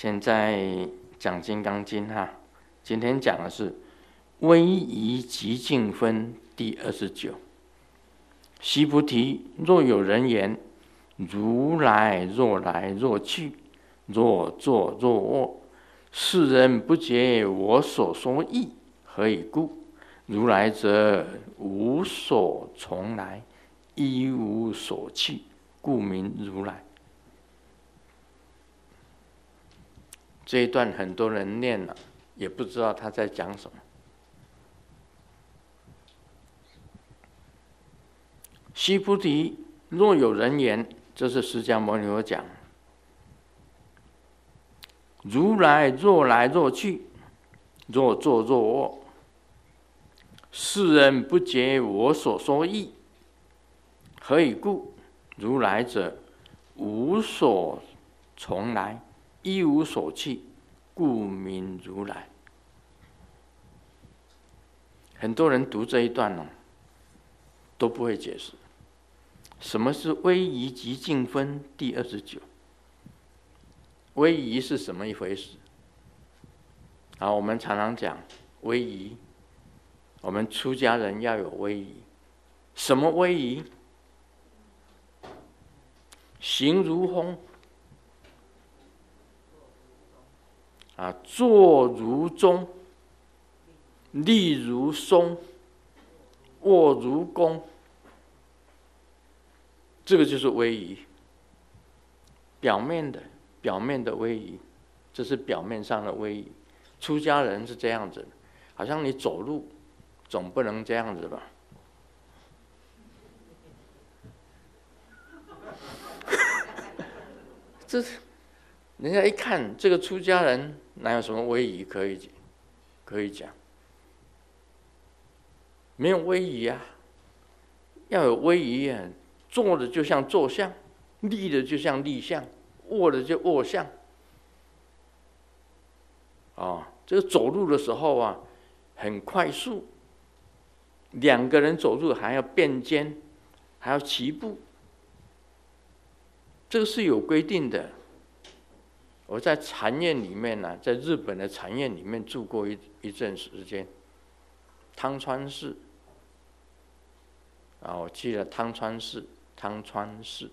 現在講《金剛經》哈，今天講的是《威儀寂靜分》第二十九。須菩提，若有人言：“如來若來若去，若坐若臥，是人不解我所說義，何以故？如來者，無所從來，亦無所去，故名如來。”這一段很多人念了，也不知道他在講什麼。須菩提，若有人言，這是釋迦牟尼佛講：如來若來若去，若坐若臥，是人不解我所說義，何以故？如來者，無所從來。亦無所去，故名如來。很多人讀這一段呢，都不會解釋什麼是威儀寂靜分第二十九。威儀是什麼一回事？啊，我們常常講威儀，我們出家人要有威儀，什麼威儀？行如風。啊，坐如鐘，立如松，臥如弓，這個就是威儀。表面的，表面的威儀，這是表面上的威儀。出家人是這樣子的，好像你走路總不能這樣子吧？這是。人家一看這個出家人，哪有什麼威儀可以講？可以講？沒有威儀啊！要有威儀啊！坐的就像坐相，立的就像立相，臥的就臥相。啊、哦，這個走路的時候啊，很快速。兩個人走路還要並肩，還要齊步，這個是有規定的。我在禪院裡面呢、啊，在日本的禪院裡面住過一一陣時間。湯川寺，啊，我去了湯川寺。湯川寺，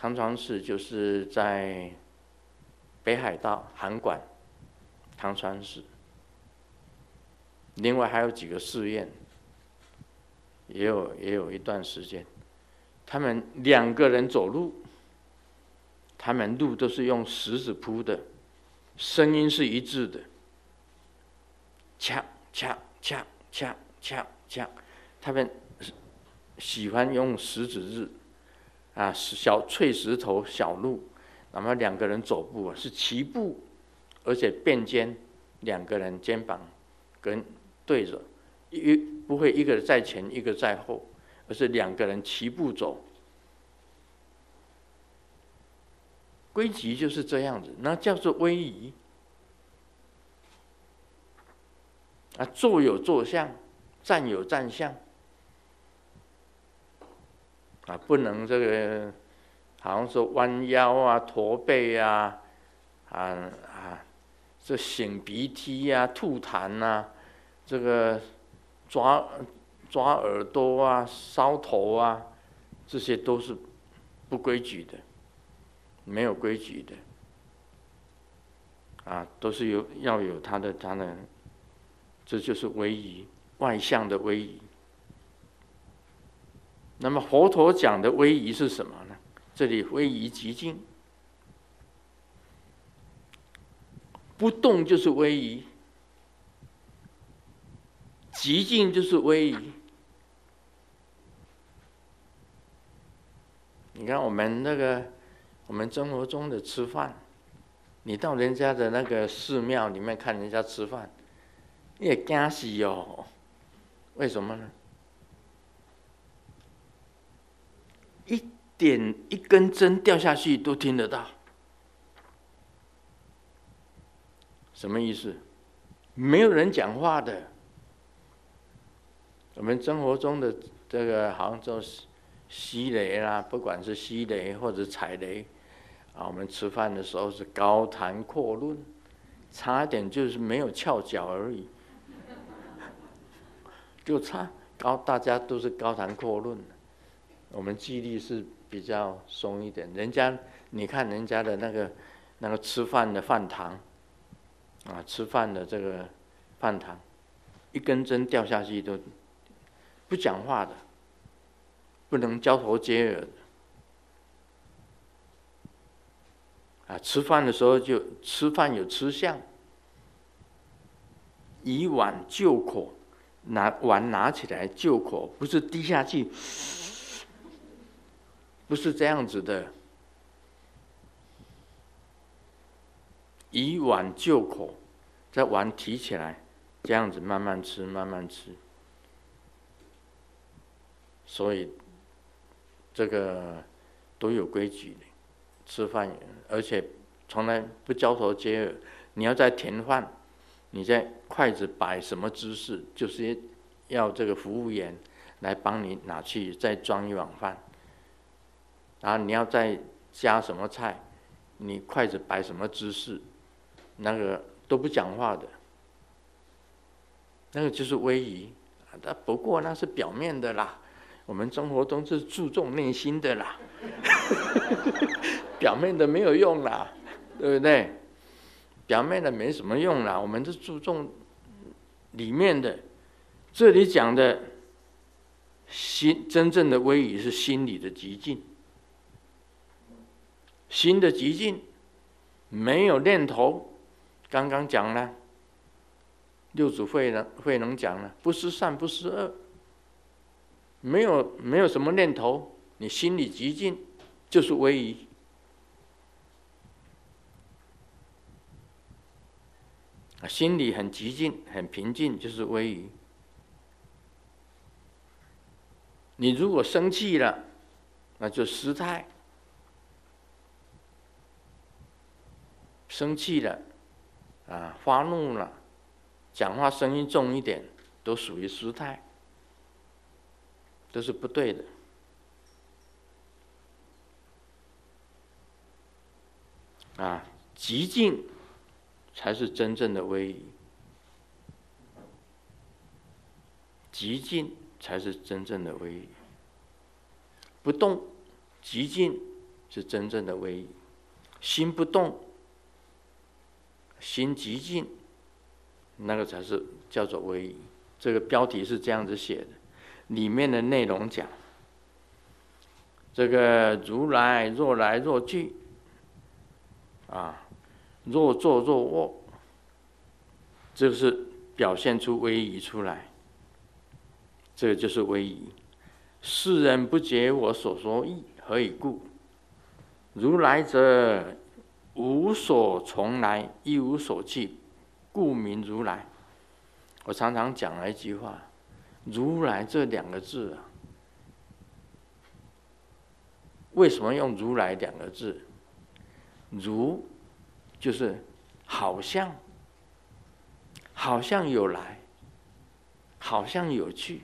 湯川寺就是在北海道函館湯川寺。另外還有幾個寺院，也有也有一段時間，他們兩個人走路。他們路都是用石子鋪的，聲音是一致的，恰恰恰恰恰恰，他們喜歡用石子日，啊，小碎石頭小路。那麼兩個人走步啊是齊步，而且並肩，兩個人肩膀跟對着，一不會一個在前一個在後，而是兩個人齊步走。規矩就是這樣子，那叫做威儀。啊，坐有坐相，站有站相。啊，不能這個，好像說彎腰啊、駝背啊、啊啊，這擤鼻涕呀、啊、吐痰吶、啊，這個抓抓耳朵啊、搔頭啊，這些都是不規矩的。沒有規矩的，啊，都是有要有他的他的，這就是威儀外向的威儀。那麼佛陀講的威儀是什麼呢？這裡威儀寂靜，不動就是威儀，寂靜就是威儀。你看我們那個。我們生活中的吃飯，你到人家的那個寺廟裡面看人家吃飯，你也驚死喲、哦！為什麼呢？一點一根針掉下去都聽得到，什麼意思？沒有人講話的。我們生活中的這個，好像西吸雷啦、啊，不管是吸雷或者踩雷。啊，我們吃飯的時候是高談闊論，差一點就是沒有翹腳而已， 就差高，大家都是高談闊論。我們紀律是比較鬆一點，人家你看人家的那個那個吃飯的飯堂，啊，吃飯的這個飯堂，一根針掉下去都不講話的，不能交頭接耳的。啊，吃飯的時候就吃飯，有吃相，以碗就口，拿碗拿起來就口，不是低下去，嘶嘶，不是這樣子的，以碗就口，在碗提起來，這樣子慢慢吃，慢慢吃，所以這個都有規矩的。吃飯，而且從來不交頭接耳。你要再添飯，你在筷子擺什麼姿勢，就是要這個服務員來幫你拿去再裝一碗飯。然後你要再加什麼菜，你筷子擺什麼姿勢，那個都不講話的，那個就是威儀。但不過那是表面的啦，我們生活中是注重內心的啦。 表面的沒有用啦，對不對？表面的沒什麼用啦，我們是注重裡面的。這裡講的心，真正的威儀是心理的極境。心的極境沒有念頭。剛剛講了，六祖慧能慧能講了，不思善，不思惡，沒有沒有什麼念頭。你心裡寂靜，就是威儀。心裡很寂靜，很平靜，就是威儀。你如果生氣了，那就失態。生氣了，啊，發怒了，講話聲音重一點，都屬於失態，都是不對的。啊，寂靜才是真正的威儀，寂靜才是真正的威儀，不動，寂靜是真正的威儀，心不動，心寂靜，那個才是叫做威儀。這個標題是這樣子寫的，裡面的內容講，這個如來若來若去。啊，若坐若臥，這是表現出威儀出來。這個、就是威儀。是人不解我所說義，何以故？如來者，無所從來，亦無所去，故名如來。我常常講了一句話：“如來”這兩個字啊，為什麼用“如來”兩個字？如，就是好像，好像有來，好像有去。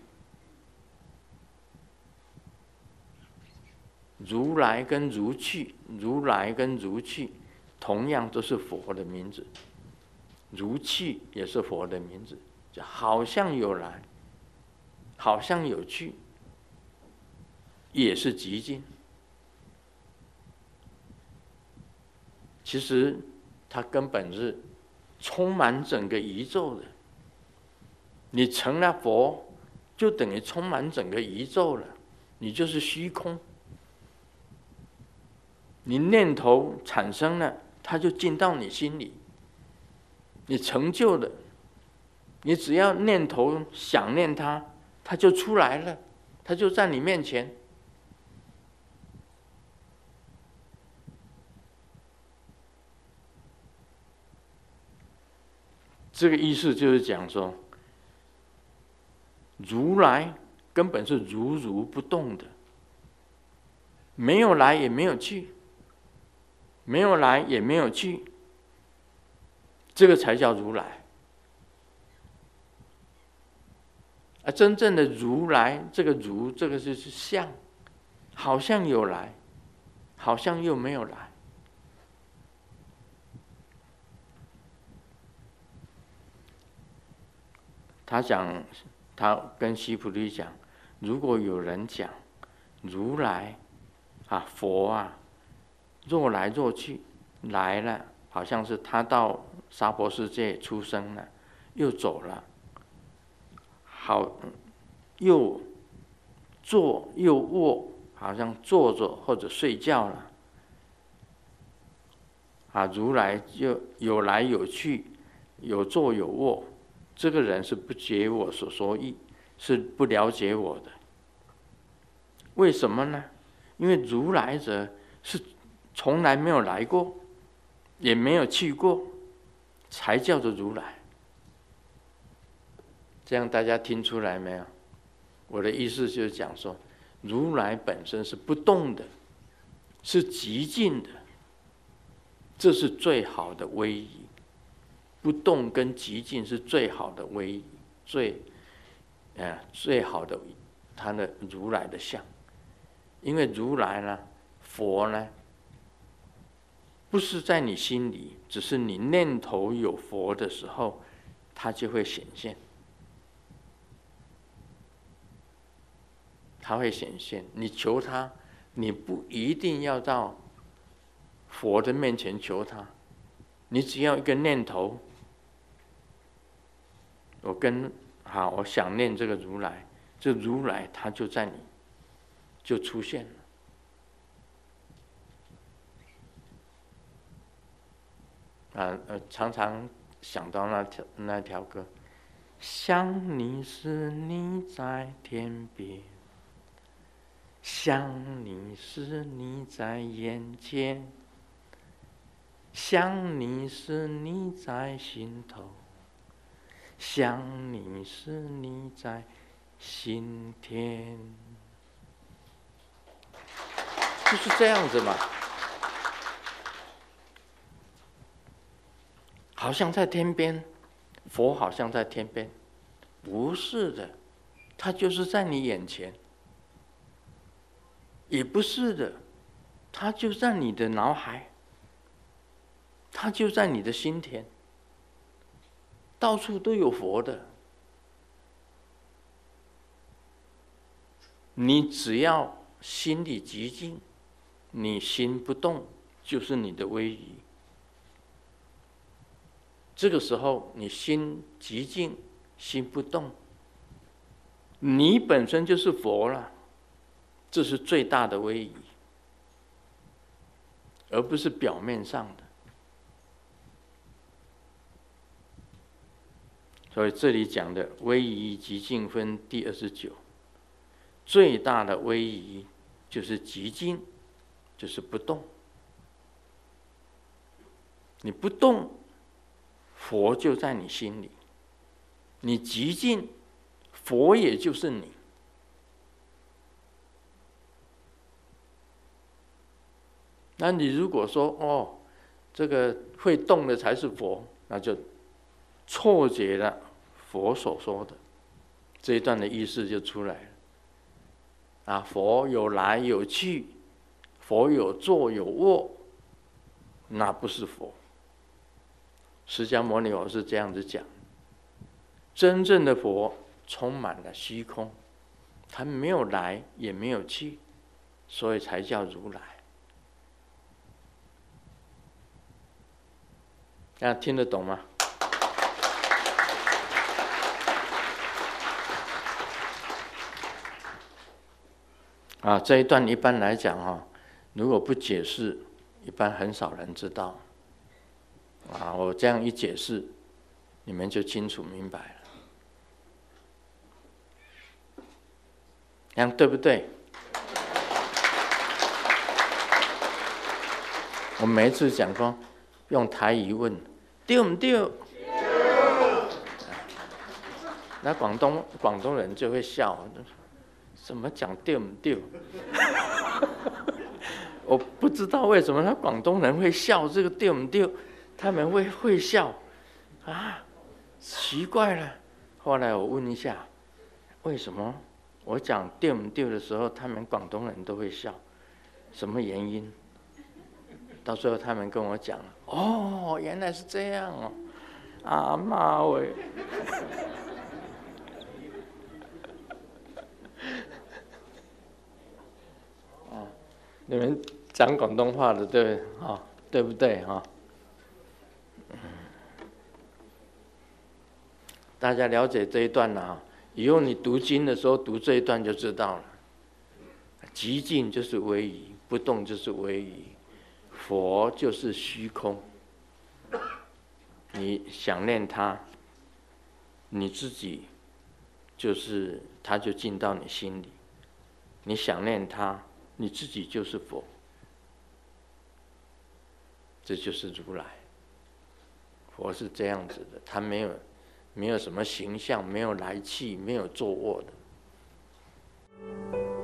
如來跟如去，如來跟如去，同樣都是佛的名字。如去也是佛的名字，好像有來，好像有去，也是寂靜。其實，它根本是充滿整個宇宙的。你成了佛，就等於充滿整個宇宙了，你就是虛空。你念頭產生了，它就進到你心裡。你成就了，你只要念頭想念它，它就出來了，它就在你面前。這個意思就是講說，如來根本是如如不動的，沒有來也沒有去，沒有來也沒有去，這個才叫如來。而真正的如來，這個如這個就是像，好像有來，好像又沒有來。他講，他跟須菩提講，如果有人講如來啊，佛啊，若來若去來了，好像是他到娑婆世界出生了，又走了，好又坐又臥，好像坐着或者睡覺了，啊如來就有來有去，有坐有臥。這個人是不解我所說義，是不了解我的。為什麼呢？因為如來者是從來沒有來過，也沒有去過，才叫做如來。這樣大家聽出來沒有？我的意思就是講說，如來本身是不動的，是寂靜的，這是最好的威儀。不動跟寂靜是最好的威儀，最，哎、啊，最好的他的如來的像，因為如來呢，佛呢，不是在你心裡，只是你念頭有佛的時候，它就會顯現，它會顯現。你求他，你不一定要到佛的面前求他，你只要一個念頭。我跟好，我想念這個如來，這如來他就在你，就出現了。啊呃，常常想到那條那條歌，想你時你在天邊，想你時你在眼前，想你時你在心頭。想你時你在心田，就是這樣子嘛。好像在天邊，佛好像在天邊，不是的，他就是在你眼前，也不是的，他就在你的腦海，他就在你的心田。到處都有佛的，你只要心裡寂靜，你心不動，就是你的威儀。這個時候，你心寂靜，心不動，你本身就是佛了，這是最大的威儀，而不是表面上的。所以這裡講的“威儀寂靜分”第二十九，最大的威儀就是寂靜，就是不動。你不動，佛就在你心裡；你寂靜，佛也就是你。那你如果說哦，這個會動的才是佛，那就……錯解了佛所說的這一段的意思就出來了。啊，佛有來有去，佛有坐有臥，那不是佛。釋迦牟尼佛是這樣子講：真正的佛充滿了虛空，他沒有來也沒有去，所以才叫如來。啊，大家聽得懂嗎？啊，這一段一般來講哈，如果不解釋，一般很少人知道。啊，我這樣一解釋，你們就清楚明白了。這樣對不對？ 我每一次講說，用台語問，丟唔丟？那廣東廣東人就會笑。怎麼講丟丟？ 我不知道為什麼他廣東人會笑這個丟丢，他們會會笑，啊，奇怪了。後來我問一下，為什麼我講丟丟的時候，他們廣東人都會笑？什麼原因？到最後他們跟我講哦，原來是這樣哦，啊媽喂。你們講廣東話的，對不對？哈、哦，對不對？哈、哦，大家了解這一段了啊，以後你讀經的時候讀這一段就知道了。寂靜就是威儀，不動就是威儀，佛就是虛空。你想念他，你自己就是他，就進到你心裡。你想念他。你自己就是佛，這就是如來。佛是這樣子的，他沒有，沒有什麼形象，沒有來去，沒有坐臥的。